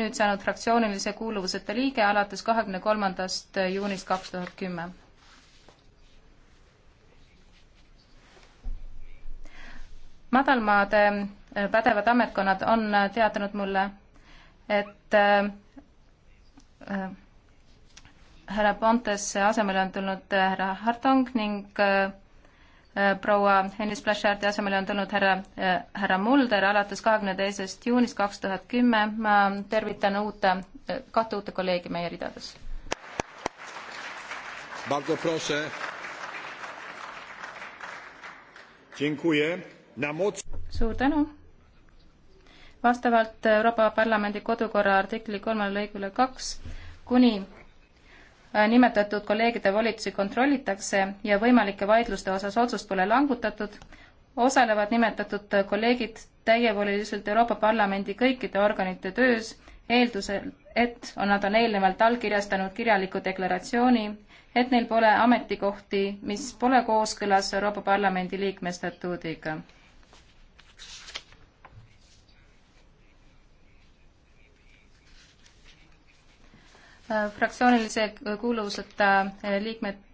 nüüd saanud fraktsioonilise kuuluvuseta liige alates kahekümne kolmandast juunist kaks tuhat kümme. madalmaade äh, pädevad ametkonnad on äh, teatanud mulle, et äh, härra Pontes asemele on tulnud härra Hartong ning äh, Äh, proua Hennis Plaschardi asemele on tulnud härra, äh, härra Mulder alates kahekümne teisest juunist kaks tuhat kümme. ma tervitan uute, äh, kahte uute kolleegi meie ridades. suur tänu. vastavalt Euroopa Parlamendi kodukorra artikli kolmele lõigule kaks kuni Äh, nimetatud kolleegide volitusi kontrollitakse ja võimalike vaidluste osas otsust pole langutatud, osalevad nimetatud kolleegid täievoliliselt Euroopa Parlamendi kõikide organite töös, eeldusel, et nad on eelnevalt allkirjastanud kirjaliku deklaratsiooni, et neil pole ametikohti, mis pole kooskõlas Euroopa Parlamendi liikme statuudiga fraktsioonilise kuuluvuseta liikmed